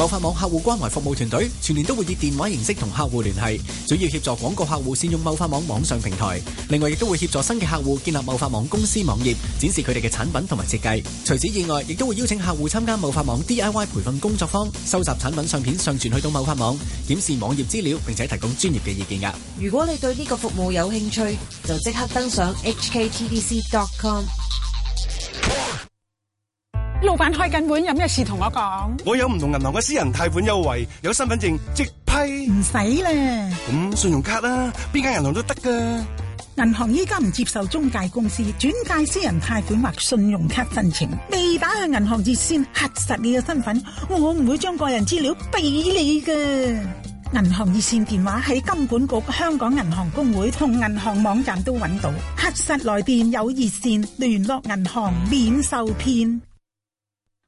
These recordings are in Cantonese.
貿發網客戶關懷服務團隊全年都會以電話形式同客戶聯繫，主要協助廣告客戶善用貿發網網上平台，另外亦都會協助新嘅客戶建立貿發網公司網頁，展示佢哋嘅產品同埋設計。除此以外，亦都會邀請客戶參加貿發網 D I Y 培訓工作坊，收集產品相片上傳去到貿發網，檢視網頁資料，並且提供專業嘅意見噶。如果你對呢個服務有興趣，就即刻登上 hktdc.com。老闆開緊會，有咩事同我講？我有唔同銀行嘅私人貸款優惠，有身份證即批，唔使啦。咁信用卡啦，邊間銀行都得噶。銀行依家唔接受中介公司轉介私人貸款或信用卡申請，未打去銀行熱線核實你嘅身份，我唔會將個人資料俾你噶。銀行熱線電話喺金管局、香港銀行公會同銀行網站都搵到，核實來電有熱線聯絡銀行，免受騙。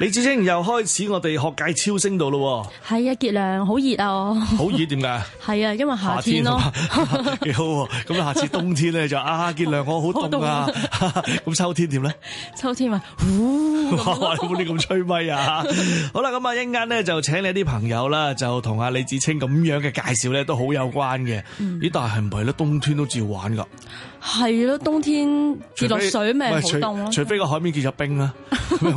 李子清又開始我哋學界超新星度咯喎，係啊，傑良，好熱啊，好 熱。點解？係啊，因為夏天咯，幾好喎。咁 下次冬天咧就，啊，傑良，我好凍啊。咁 秋天點咧？ 秋天啊，呼咁啲咁吹咪啊。 好啦，咁啊一陣間咧就請你啲朋友啦，就同阿李子清咁樣嘅介紹咧都好有關嘅。嗯、咦，但係唔係咧？冬天都照玩噶？係咯、嗯，冬天結落水咪好凍，除非個、啊、海面結咗冰 啊，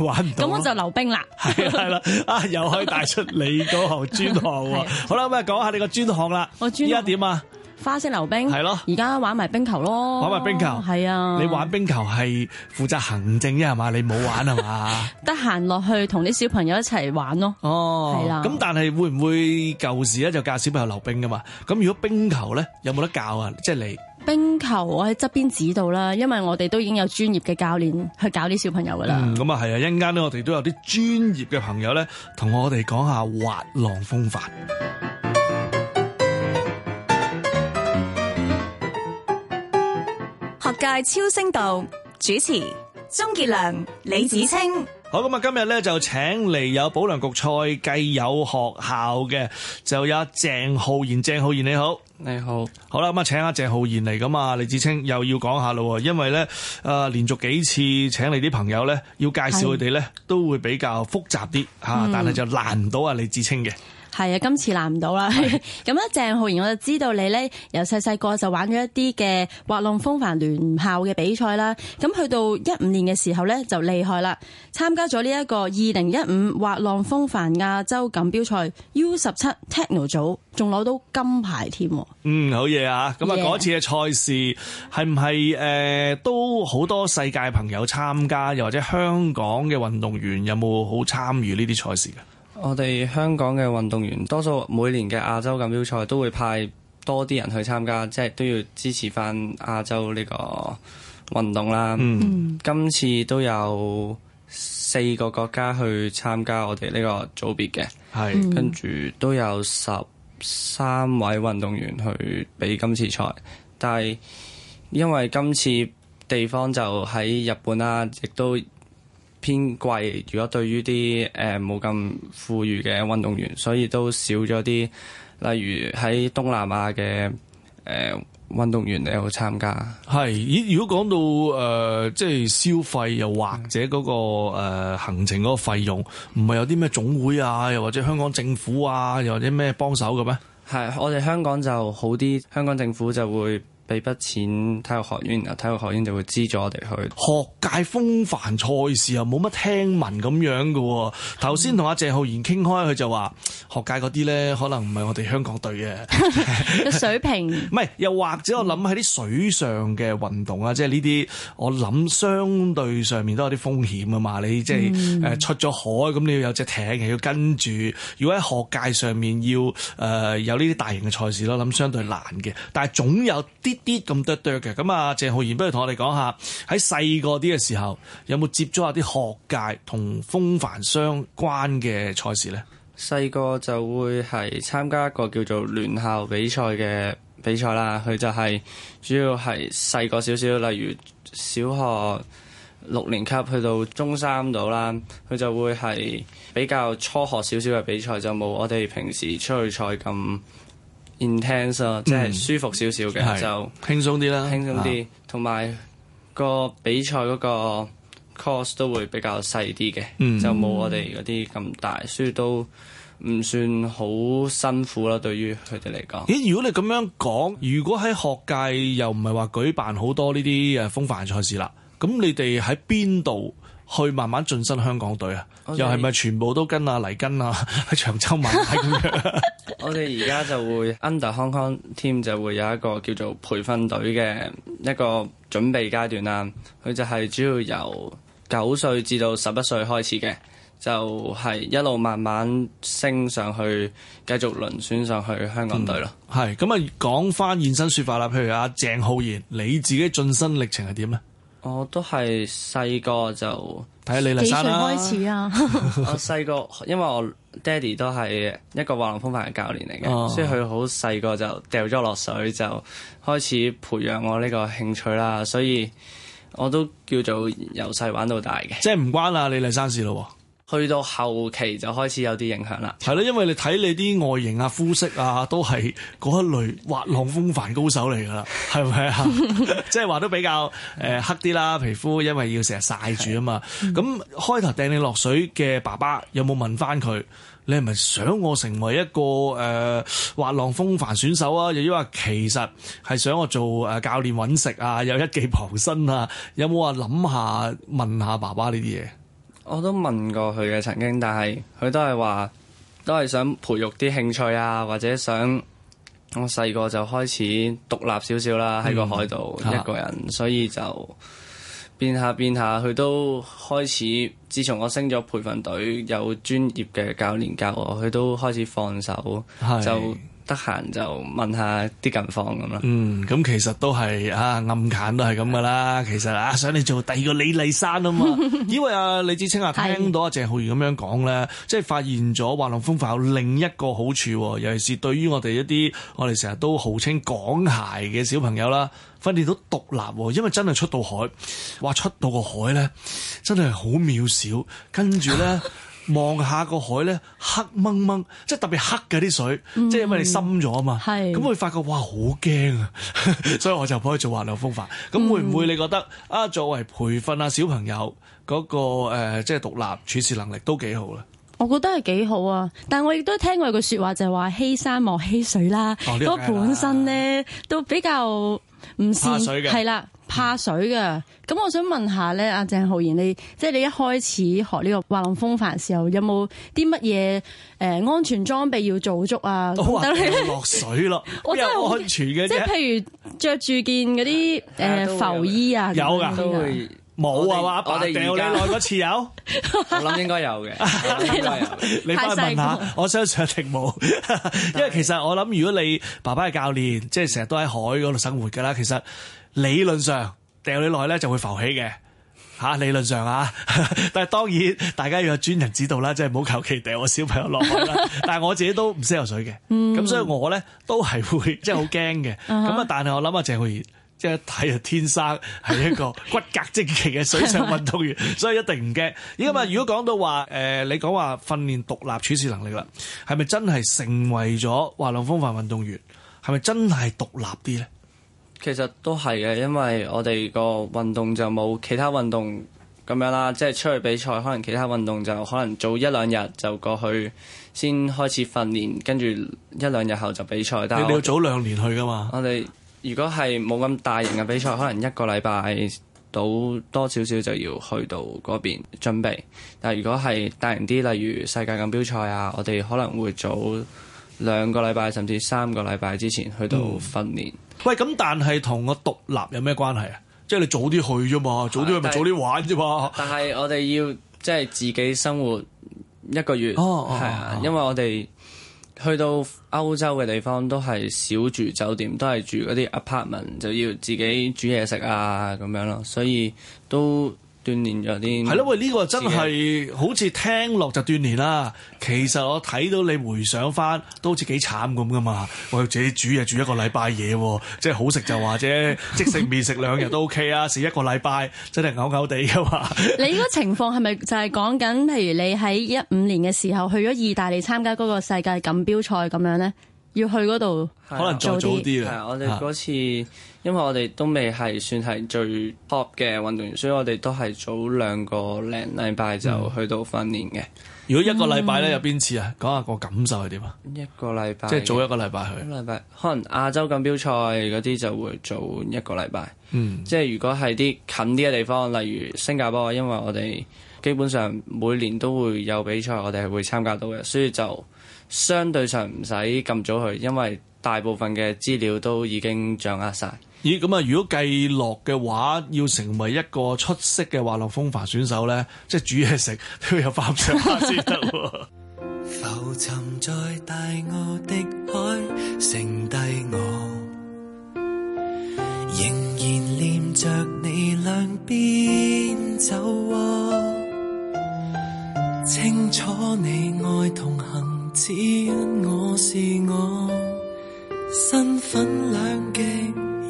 玩唔到。咁我就留。冰啦、 啊，係係啦，啊又可以帶出你嗰個專項喎。好啦，咁啊講下你個專項啦。我專項，依家點啊？花式溜冰係咯，而家、啊、玩埋冰球咯。玩埋冰球係啊。你玩冰球係負責行政啫，係嘛？你冇玩係嘛？得閒落去同啲小朋友一齊玩咯。哦，係啦、啊。咁但係會唔會舊時咧就教小朋友溜冰噶嘛？咁如果冰球咧有冇得教啊？即、就、係、是、你。冰球我喺側邊指導啦，因為我哋都已經有專業嘅教練去搞啲小朋友噶啦。咁啊係啊，一陣間咧我哋都有啲專業嘅朋友咧，同我哋講下滑浪風帆。學界超新星主持鍾傑良、李芷青。好咁啊！今日咧，就請嚟有保良局蔡繼有學校嘅就有阿鄭灝然。鄭灝然你好，你好，你好啦咁啊，請阿鄭灝然嚟咁啊，李芷青又要講下啦，因為咧啊、呃、連續幾次請嚟啲朋友咧要介紹佢哋咧都會比較複雜啲吓，啊嗯、但係就難唔到啊李芷青嘅。係啊，今次難唔到啦。咁咧的， 鄭灝然，我就知道你呢，由細細個就玩咗一啲嘅滑浪風帆聯校嘅比賽啦。咁去到一五年嘅時候呢，就厲害啦，參加咗呢一個二零一五滑浪風帆亞洲錦標賽 U 十七 Techno 組，仲攞到金牌添。嗯，好嘢啊！咁啊，嗰次嘅賽事係唔係誒都好多世界朋友參加，又或者香港嘅運動員有冇好參與呢啲賽事嘅？我哋香港嘅運動員多數每年嘅亞洲錦標賽都會派多啲人去參加，即係都要支持翻亞洲呢個運動啦。嗯，今次都有四個國家去參加我哋呢個組別嘅，係是跟住都有十三位運動員去比今次賽，但係因為今次地方就喺日本啦，亦都。偏貴，如果對於啲誒冇咁富裕嘅運動員，所以都少咗啲。例如喺東南亞嘅誒、呃、運動員，有去參加。係，如果講到誒、呃，即係消費又或者嗰、嗰個、呃、行程嗰個費用，唔係有啲咩總會啊，又或者香港政府啊，又或者咩幫手嘅咩？係，我哋香港就好啲，香港政府就會。俾筆錢體育學院，體育學院就會資助我哋去學界風帆賽事又冇乜聽聞咁樣嘅。頭先同阿鄭灝然傾開，佢就話學界嗰啲咧，可能唔係我哋香港隊嘅個水平。唔係，又或者我諗喺啲水上嘅運動啊，嗯、即係呢啲，我諗相對上面都有啲風險噶嘛。你即係誒、嗯呃、出咗海，咁你要有隻艇，又要跟住，如果喺學界上面要誒、呃、有呢啲大型嘅賽事咯，諗相對難嘅。但係總有啲。啲咁剁剁嘅，咁啊，鄭灝然，不如同我哋講下喺細個啲嘅時候，有冇接觸下啲學界同風帆相關嘅賽事呢？細個就會係參加一個叫做聯校比賽嘅比賽啦，佢就係主要係細個少少，例如小學六年級去到中三度啦，佢就會係比較初學少少嘅比賽，就冇我哋平時出去賽咁。intense 啊，Intense, 即係舒服少少嘅就輕鬆啲啦，輕鬆啲，同埋、啊、個比賽嗰個 course 都會比較細啲嘅，嗯、就冇我哋嗰啲咁大，所以都唔算好辛苦啦。對於佢哋嚟講，咦、欸？如果你咁樣講，如果喺學界又唔係話舉辦好多呢啲誒風帆賽事啦，咁你哋喺邊度去慢慢晉身香港隊啊？又係咪全部都跟阿、啊、黎根啊喺長洲買咁樣？我哋而家就會 Under Hong Kong Team 就會有一個叫做培訓隊嘅一個準備階段啦。佢就係主要由九歲至到十一歲開始嘅，就係、是、一路慢慢升上去，繼續輪選上去香港隊咯。係咁啊，講翻現身說法啦。譬如阿、啊、鄭灝然，你自己進身歷程係點啊？我都係細個就睇李麗珊啦。幾歲開始啊？ 我細個，因為我爹哋都係一個滑浪風帆教練嚟嘅，哦、所以佢好細個就掉咗落水就開始培養我呢個興趣啦。所以我都叫做由細玩到大嘅。即係唔關阿李麗珊事咯。去到後期就開始有啲影響啦，係咯， 因為你睇你啲外形啊、膚色啊，都係嗰一類滑浪風帆高手嚟噶啦，係咪啊？即係話都比較誒、呃、黑啲啦，皮膚因為要成日曬住啊嘛。咁開頭掟你落水嘅爸爸有冇問翻佢？你係咪想我成為一個誒、呃、滑浪風帆選手啊？又抑或其實係想我做誒教練揾食啊？有一技傍身啊？有冇話諗下問，問下爸爸呢啲嘢？我都問過佢嘅曾經，但係佢都係話，都係想培育啲興趣啊，或者想我細個就開始獨立少少啦，喺個海度一個人，嗯啊、所以就變下變下，佢都開始。自從我升咗培訓隊，有專業嘅教練教我，佢都開始放手，是就。得閒就問下啲近況咁啦。嗯，咁其實都係啊，暗揀都係咁噶啦。的其實啊，想你做第二個李麗珊啊嘛。 因為啊，李芷青啊，聽到阿、啊、鄭灝然咁樣講咧，的即係發現咗滑浪風帆有另一個好處，尤其是對於我哋一啲我哋成日都號稱港孩嘅小朋友啦，訓練到獨立。因為真係出到海，哇！出到個海咧，真係好渺小。跟住咧。 望下個海咧，黑掹掹，即係特別黑嘅啲水，即係、嗯、因為你深咗啊嘛，咁會是發覺哇好驚啊！ 所以我就唔可以做滑浪風帆。咁、嗯、會唔會你覺得啊？作為培訓啊小朋友嗰、那個、呃、即係獨立處事能力都幾好咧。我覺得係幾好啊！但我亦都聽過有句説話就係話：欺山莫欺水啦。嗰、哦、本身咧都比較。唔水善，係啦，怕水嘅。咁、嗯、我想問下咧，阿鄭灝然，你即係、就是、你一開始學呢個滑浪風帆時候，有冇啲乜嘢誒安全裝備要做足啊？等說你落水咯，又 安全嘅啫。即係譬如着住件嗰啲誒浮衣啊，有噶的。都會有冇，啊我哋們掉爸爸 你耐嗰次有，我諗應該有嘅。你翻去問下，我相信一定冇， 因為其實我諗如果你爸爸係教練，即係成日都喺海嗰度生活噶啦。其實理論上掉你耐去咧就會浮起嘅，吓理論上啊。上啊 但係當然大家要有專人指導啦，即係唔好求其掉我小朋友落去啦。 但係我自己都唔識游水嘅，咁、mm. 所以我咧都係會即係好驚嘅。咁啊、uh，huh. 但係我諗啊，鄭灝然。一睇啊，天生係一個骨骼精奇嘅水上運動員， 嗎所以一定唔驚。而家嘛，如果講到話誒、呃，你講話訓練獨立處事能力啦，係咪真係成為咗滑浪風帆運動員？係咪真係獨立啲呢？其實都係嘅，因為我哋個運動就冇其他運動咁樣啦，即係出去比賽，可能其他運動就可能早一兩日就過去先開始訓練，跟住一兩日後就比賽。但係你要早兩年去噶嘛？我哋。如果係冇咁大型嘅比賽，可能一個禮拜到多少少就要去到嗰邊準備。但如果係大型啲，例如世界錦標賽啊，我哋可能會早兩個禮拜甚至三個禮拜之前去到訓練。嗯、喂，咁但係同個獨立有咩關係啊？即、就、係、是、你早啲去啫嘛，是早啲去咪早啲玩啫嘛。但係是 我哋要即係、就是、自己生活一個月，係啊，啊是啊因為我哋。去到歐洲嘅地方都係少住酒店，都係住嗰啲 apartment，就要自己煮嘢食啊咁樣咯，所以都。鍛鍊咗啲係咯，喂！呢、這個真係好似聽落就鍛鍊啦，其實我睇到你回想翻都好似幾慘咁噶嘛！我自己煮嘢煮一個禮拜嘢，即係好食就話啫， 即食麵食兩日都 OK 啊，食一個禮拜真係嘔嘔地嘅嘛！ 你嗰個情況係咪就係講緊？譬如你喺一五年嘅時候去咗意大利參加嗰個世界錦標賽咁樣咧，要去嗰度、啊、可能再早啲。係、啊、我哋嗰次。因為我哋都未係算係最 top 嘅運動員，所以我哋都係早兩個零禮拜就去到訓練嘅。如果一個禮拜呢，有邊次啊？嗯、講下個感受係點啊？一個禮拜即係早一個禮拜去一個禮拜，可能亞洲錦標賽嗰啲就會早一個禮拜。嗯，即係如果係啲近啲嘅地方，例如新加坡，因為我哋基本上每年都會有比賽，我哋係會參加到嘅，所以就相對上唔使咁早去，因為大部分嘅資料都已經掌握晒。咦，咁啊！如果計落嘅話，要成為一個出色嘅滑浪風帆選手咧，即係煮嘢食都要有翻上碼先得喎。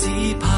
只怕。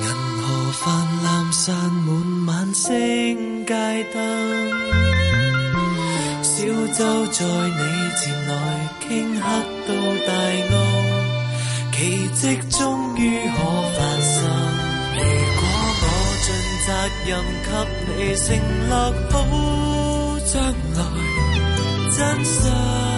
銀河泛濫散滿晚星燈，街、嗯、燈，小舟在你前頭傾刻到大澳，奇迹終於可發生。如果我盡責任，給你承諾好將來，真相。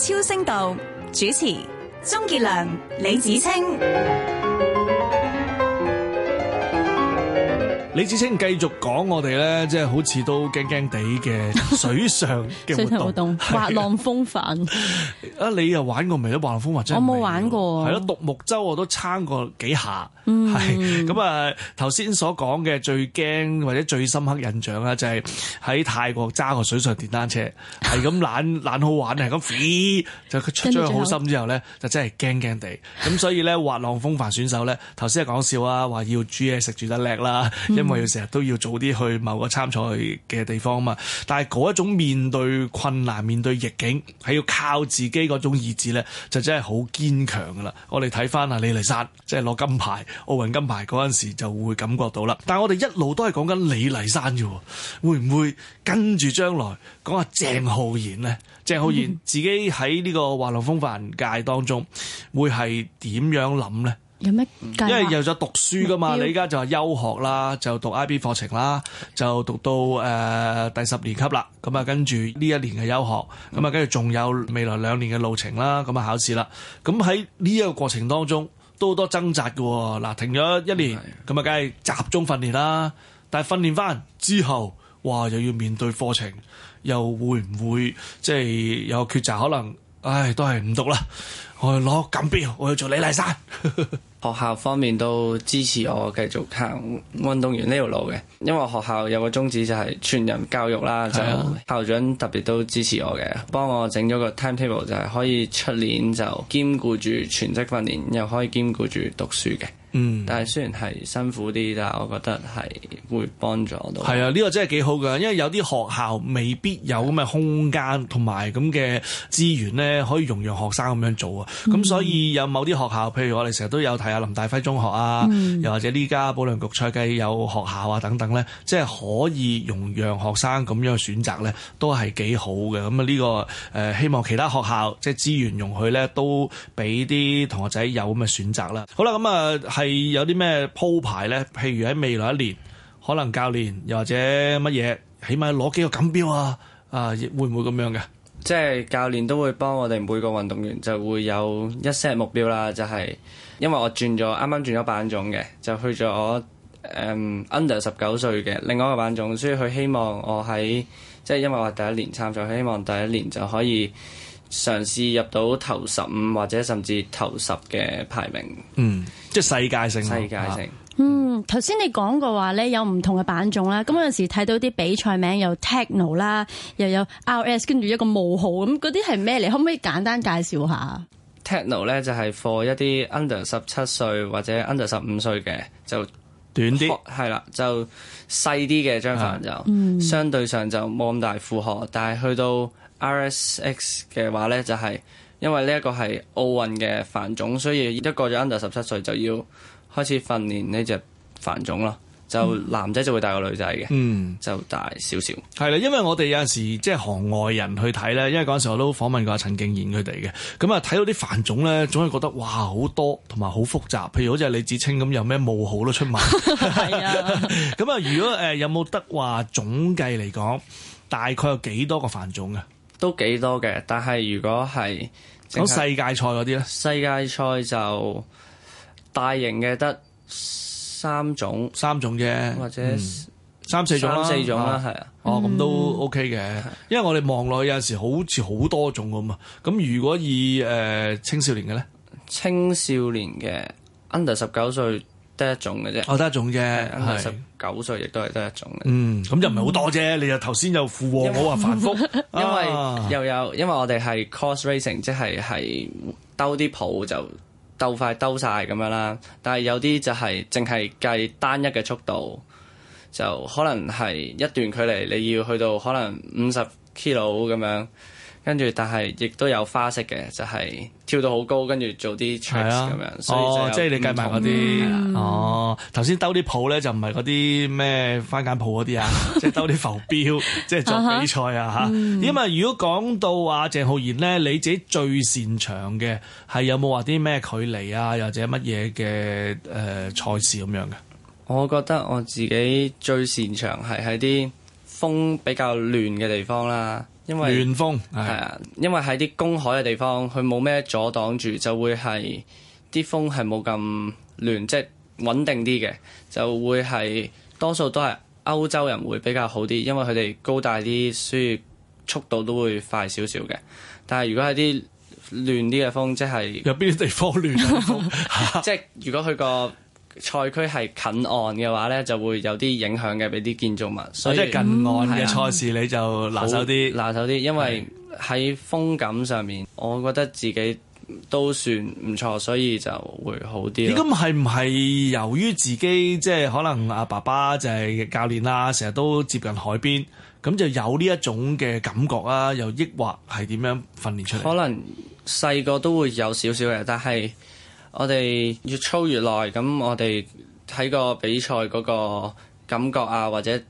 超聲道主持：鍾傑良、李芷青。李芷青繼續講我哋咧，即係好似都驚驚地嘅水上嘅活動，滑浪風帆。啊，你又玩過未咧？滑浪風帆真係我冇玩過，係咯，獨木舟我都撐過幾下，係咁啊！頭先、嗯、所講嘅最驚或者最深刻印象啦，就係喺泰國揸個水上電單車，係咁懶懶好玩，係咁，就出咗好深之後咧，後就真係驚驚地咁。所以咧，滑浪風帆選手咧，頭先係講笑啊，話要煮嘢食住得叻啦。嗯 因為要成日都要早啲去某個參賽嘅地方啊嘛，但係嗰一種面對困難、面對逆境，係要靠自己嗰種意志咧，就真係好堅強噶啦。我哋睇翻啊李麗珊，即係攞金牌、奧運金牌嗰陣時，就會感覺到啦。但係我哋一路都係講緊李麗珊啫，會唔會跟住將來講下鄭灝然咧？鄭 灝然自己喺呢個滑浪風帆界當中，會係點樣諗咧？因為又咗讀書噶嘛，你而家就係休學啦，就讀 IB 課程啦，就讀到誒第十年級啦，咁啊跟住呢一年嘅休學，咁啊跟住仲有未來兩年嘅路程啦，咁啊考試啦，咁喺呢一個過程當中都好多掙扎噶，嗱停咗一年，咁啊梗係集中訓練啦，但係訓練翻之後，哇又要面對課程，又會唔會即係有抉擇？可能唉都係唔讀啦，我去攞錦標，我要做李麗珊。學校方面都支持我繼續行運動員呢條路嘅，因為學校有個宗旨就係全人教育啦，就校長特別都支持我嘅，幫我整咗個 timetable 就係可以出年就兼顧住全職訓練，又可以兼顧住讀書嘅。嗯，但係雖然係辛苦啲，但係我覺得係會幫助到。係啊，呢、這個真係幾好㗎，因為有啲學校未必有咁嘅空間同埋咁嘅資源咧，可以容讓學生咁樣做啊。咁、嗯、所以有某啲學校，譬如我哋成日都有睇下林大輝中學啊，嗯、又或者呢家保良局蔡繼有學校啊等等咧，即、就、係、是、可以容讓學生咁樣選擇咧，都係幾好嘅。咁、呃、啊，呢個誒希望其他學校即係、就是、資源容許咧，都俾啲同學仔有咁嘅選擇啦。好啦，咁、嗯、啊。係有啲咩鋪排呢？譬如喺未來一年，可能教練又或者乜嘢，起碼攞幾個錦標啊？啊，會唔會咁樣嘅？即係教練都會幫我哋每個運動員就會有一些目標啦。就係、是、因為我轉咗，啱啱轉咗板種嘅，就去咗我、um, under 十九歲嘅另外一個板種，所以佢希望我喺即係因為我第一年參賽，佢希望第一年就可以。嘗試入到頭十五或者甚至頭十嘅排名，嗯，即係世界性，世界性。嗯，頭先你講過話咧，有唔同嘅版種啦。咁有陣時睇到啲比賽名有 Techno 啦，又有 RS，跟住一個冒號咁，嗰啲係咩嚟？你可唔可以簡單介紹下？Techno 咧就係 for 一啲 under 十七歲或者 under 十五歲嘅，就短啲，係啦，就細啲嘅。張帆就相對上就冇咁大負荷，但係去到。R S X 嘅話咧，就係、是、因為呢一個係奧運嘅帆種，所以一過咗 under 十七歲就要開始訓練呢隻帆種咯。嗯、就男仔就會大過女仔嘅，嗯，點點嗯，就大少少。係啦，因為我哋有陣時即係行外人去睇咧，因為嗰陣時候我都訪問過陳敬賢佢哋嘅。咁啊，睇到啲帆種咧，總係覺得哇好多同埋好複雜。譬如好似李芷青咁，有咩冒號都出埋。係 是啊。咁啊，如果誒有冇得話總計嚟講，大概有幾多個帆種嘅？都幾多嘅，但係如果係咁世界賽嗰啲咧？世界賽就大型嘅得三種，三種啫，或者、嗯、三四種啦，三四種啦，係啊。的哦，咁、嗯、都 OK 嘅，的因為我哋望落去有陣時好似好多種噶嘛。咁如果以誒青少年嘅咧？青少年嘅 under 十九歲。得一種嘅啫，我得、哦、一種啫，十九歲亦都係得一種嘅。是嗯，咁又唔係好多啫。嗯、你又頭先又附和我話繁複，因為又有因為我哋係 course racing，即係係兜啲鋪就鬥快兜晒咁樣啦。但係有啲就係淨係計單一嘅速度，就可能係一段距離，你要去到可能五十 kilo 咁樣。跟住，但係亦都有花式嘅，就係、是、跳到好高，跟住做啲 tricks 咁樣。係啊，即係你計埋嗰啲。哦，頭先兜啲鋪咧，就唔係嗰啲咩翻間鋪嗰啲啊， 即係兜啲浮標， 即係做比賽啊吓。咁啊、嗯，因為如果講到話鄭灝然咧，你自己最擅長嘅係有冇話啲咩距離啊，或者乜嘢嘅誒賽事咁樣嘅？ 我覺得我自己最擅長係喺啲風比較亂嘅地方啦。因為亂風係啊，因為喺啲公海嘅地方，佢冇咩阻擋住，就會係啲風係冇咁亂，即係穩定啲嘅，就會係多數都係歐洲人會比較好啲，因為佢哋高大啲，所以速度都會快少少嘅。但係如果係啲亂啲嘅風，即係有邊啲地方亂嘅風？即係 如果佢個。賽區係近岸嘅話咧，就會有啲影響嘅，俾啲建築物。所以，嗯，所以近岸嘅賽事你就拿手啲，拿手啲。因為喺風感上面，是我覺得自己都算唔錯，所以就會好啲。咁係唔係由於自己即係可能阿爸爸就係教練啦，成日都接近海邊，咁就有呢一種嘅感覺啊？又抑或係點樣訓練出嚟？可能細個都會有少少嘅，但係。我哋越操越耐，咁我哋睇個比賽嗰個感覺啊，或者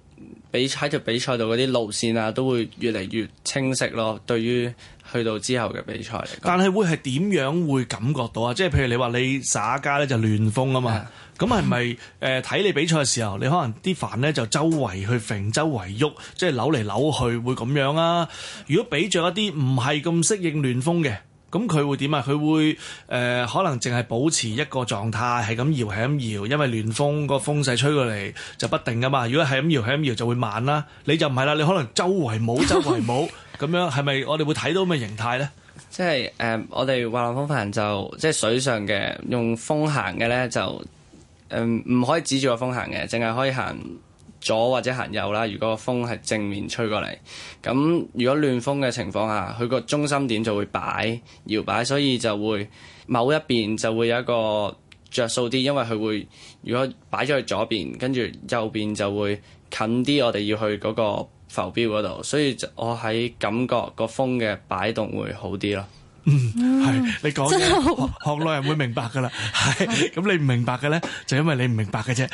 比喺條比賽度嗰啲路線啊，都會越嚟越清晰咯。對於去到之後嘅比賽嚟講，但係會係點樣會感覺到啊？即係譬如你話你耍家咧就亂風啊嘛，咁係咪誒睇你比賽嘅時候，你可能啲帆咧就周圍去揈，周圍喐，即係扭嚟扭去會咁樣啊？如果畀着一啲唔係咁適應亂風嘅。咁佢會點啊？佢會誒、呃、可能淨係保持一個狀態，係咁搖係咁搖，因為暖風個風勢吹過嚟就不定噶嘛。如果係咁搖係咁搖，就會慢啦。你就唔係啦，你可能周圍冇，周圍冇，咁 樣，係咪我哋會睇到咁嘅形態咧？ 即係誒、呃，我哋滑浪風帆就即係水上嘅，用風行嘅咧就誒唔、呃、可以指住個風行嘅，淨係可以行左或者行右啦，如果個風係正面吹過嚟，咁如果亂風嘅情況下，佢個中心點就會擺搖擺，所以就會某一邊就會有一個着數啲，因為佢會如果擺咗去左邊，跟住右邊就會近啲我哋要去嗰個浮標嗰度，所以就我喺感覺個風嘅擺動會好啲咯。嗯，係你講學耐人會明白噶啦，係咁你唔明白嘅咧，就因為你唔明白嘅啫。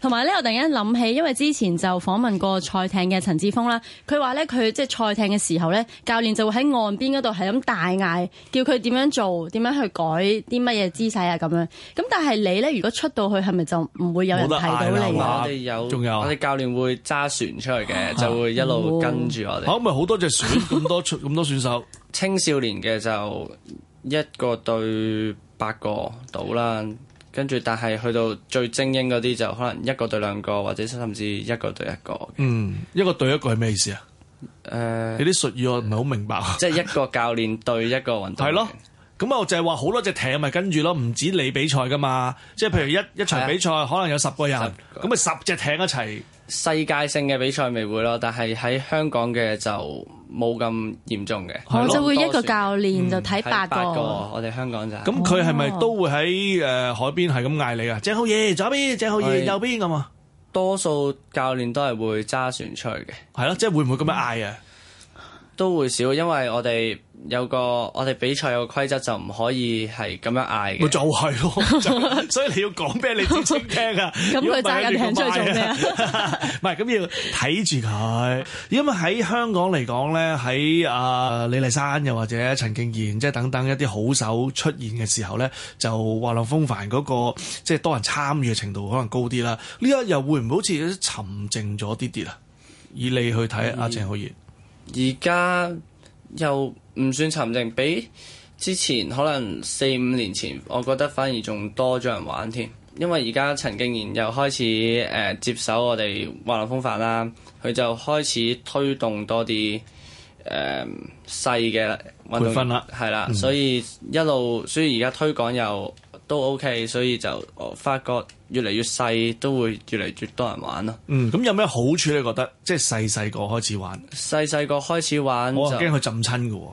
同埋咧，我突然間諗起，因為之前就訪問過賽艇嘅陳志峰啦，佢話咧佢即係賽艇嘅時候咧，教練就會喺岸邊嗰度係咁大嗌，叫佢點樣做，點樣去改啲乜嘢姿勢啊，咁樣。咁但係你咧，如果出到去，係咪就唔會有人睇到你是是 我哋有，仲有我哋教練會揸船出去嘅，就會一路跟住我哋。可唔、嗯，咪好、啊、多隻船咁多出咁多選手。 青少年嘅就一個對八個到啦，跟住，但係去到最精英嗰啲就可能一個對兩個或者甚至一個對一個。嗯，一個對一個係咩意思啊？誒、呃，你啲術語我唔係好明白即係、嗯，就是、一個教練對一個運動員。係咯 的，咁啊就係話好多隻艇咪跟住咯，唔止你比賽噶嘛。即係譬如一一場比賽的可能有十個人，咁咪十隻艇一齊。世界性嘅比賽未會咯，但係喺香港嘅就冇咁嚴重嘅，我、哦、對就會一個教練、嗯、就睇八個。八個啊，我哋香港就咁，佢係咪都會喺誒海邊係咁嗌你啊？鄭灝然左邊，鄭灝然右邊咁啊！是多數教練都係會揸船出去嘅，係咯，即、就、係、是、會唔會咁樣嗌啊？嗯都會少，因為我哋有個我哋比賽有個規則就唔可以係咁樣嗌嘅。就係、是、咯，所以你要講畀你先聽啊。咁佢揸緊艇出去做咩啊？唔係咁要睇住佢，因為喺香港嚟講咧，喺阿、呃、李麗珊又或者陳敬賢即係等等一啲好手出現嘅時候咧，就滑浪風帆嗰、那個即係多人參與嘅程度可能高啲啦。呢一又會唔會好似沉靜咗啲啲啊？以你去睇阿鄭灝然？的而家又唔算沉靜，比之前可能四五年前，我覺得反而仲多咗人玩添。因為而家陳敬賢又開始誒、呃、接手我哋滑浪風帆啦，佢就開始推動多啲誒、呃、細嘅運動啦，係啦、嗯，所以一路所以而家推廣又。都 OK，所以就發覺越嚟越細都會越嚟越多人玩咯。嗯，咁有咩好處，你覺得即係細細個開始玩，細細個開始玩我就驚佢浸親㗎喎。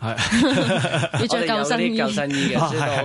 係， 我哋有啲救生衣嘅，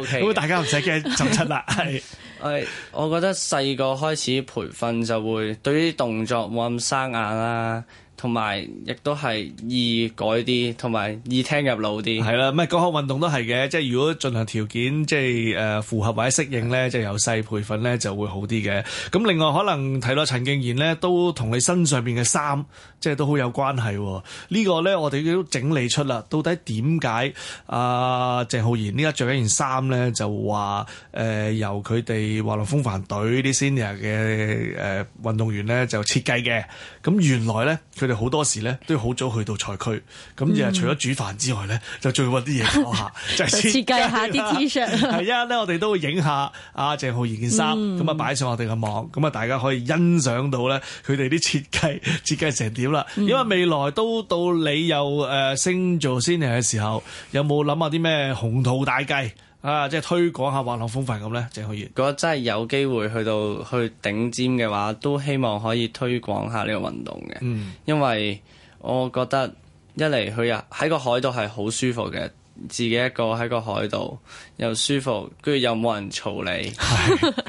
咁 大家唔使驚浸親啦。係， 我覺得細個開始培訓就會 對於動作冇咁生硬啦。同埋亦都係易改啲，同埋易聽入腦啲。係啦，唔係各項運動都係嘅，即係如果進行條件即係誒符合或者適應咧，即係由細培訓咧就會好啲嘅。咁另外可能睇到陳敬賢咧，都同你身上邊嘅衫即係都好有關係。呢個咧我哋都整理出啦，到底點解阿鄭灝然呢一著一件衫咧就話誒由佢哋華龍風帆隊啲 senior 嘅誒運動員咧就設計嘅？咁原來咧佢哋。好多時咧都好早去到賽區，咁又、嗯、除咗煮飯之外咧，就再揾啲嘢攞下， 就設計， 設計一下啲 T-shirt。係啊， 咧我哋都會影下阿鄭灝然件衫，咁啊擺上我哋嘅網，咁啊大家可以欣賞到咧佢哋啲設計設計成點啦。嗯、因為未來都到你又誒升做先嘅時候，有冇諗下啲咩宏圖大計？啊！即係推廣下滑浪風帆咁呢，就可以。如果真係有機會去到去頂尖嘅話，都希望可以推廣下呢個運動嘅。嗯，因為我覺得一嚟佢啊喺個海度係好舒服嘅，自己一個喺個海度又舒服，跟住又冇人嘈你，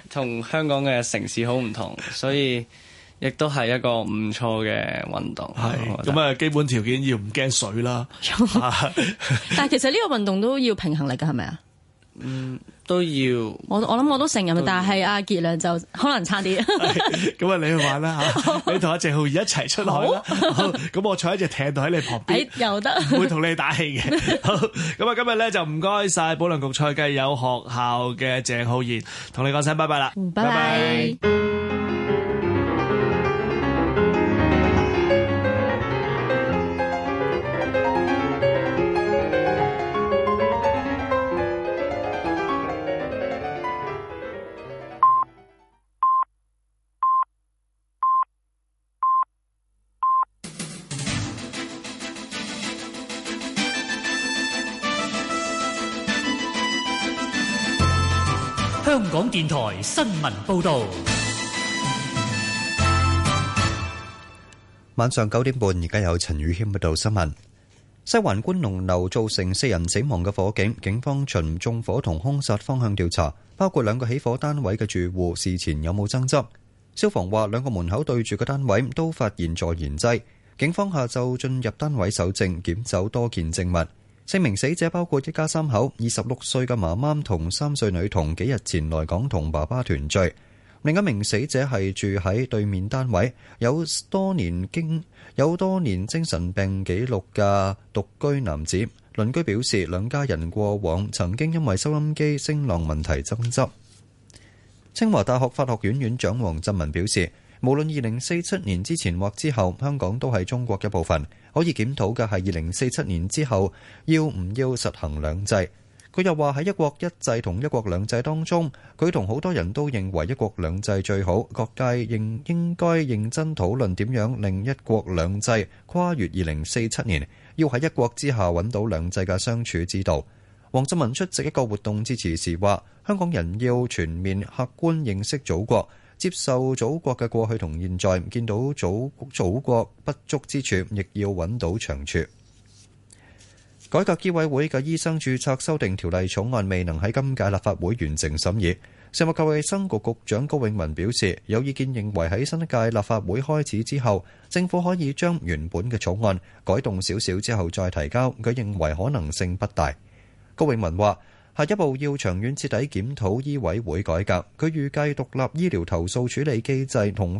同是 香港嘅城市好唔同，所以亦都係一個唔錯嘅運動。係咁啊，基本條件要唔驚水啦。但係其實呢個運動都要平衡力嘅，係咪啊？嗯，都要。我我諗我都承認，要但係阿傑良就可能差啲。咁 啊、 嗯，你去玩啦吓，你同阿鄭灝然一齊出海啦。咁 好我坐一隻艇度喺你旁邊，哎，又得， 會同你打氣嘅。咁 啊、嗯，今日咧就唔該晒保良局蔡繼有學校嘅鄭灝然同 你講聲拜拜啦，拜拜。Bye bye bye bye 電台新聞報道：晚上九點半，而家有陳宇謙報道新聞。西環觀龍樓造成四人死亡嘅火警，警方循縱火同凶殺方向調查，包括兩個起火單位嘅住戶事前有冇爭執。消防話兩個門口對住嘅單位都發現助燃劑，警方下晝進入單位搜證，檢走多件證物。四名死者包括一家三口，二十六歲嘅媽媽同三歲女童，幾日前來港同爸爸團聚。另一名死者係住喺對面單位，有多年經有多年精神病紀錄嘅獨居男子。鄰居表示，兩家人過往曾經因為收音機聲浪問題爭執。清華大學法學院院長王振文表示，無論二零四七年之前或之後，香港都係中國一部分。可以檢討嘅係二零四七年之後要唔要實行兩制。佢又話喺一國一制同一國兩制當中，佢同好多人都認為一國兩制最好。各界應應該認真討論點樣令一國兩制跨越二零四七年，要喺一國之下揾到兩制嘅相處之道。黃振文出席一個活動支持時話香港人要全面客觀認識祖國。接受祖國嘅過去同現在，見到祖祖國不足之處，亦要揾到長處。改革醫委會嘅醫生註冊修訂條例草案未能喺今屆立法會完成審議。食物及衛生局局長高永文表示，有意見認為喺新一屆立法會開始之後，政府可以將原本嘅草案改動少少之後再提交，佢認為可能性不大。高永文話。下一步，要長遠徹底檢討醫委會改革。佢預計獨立醫療投訴處理機制同。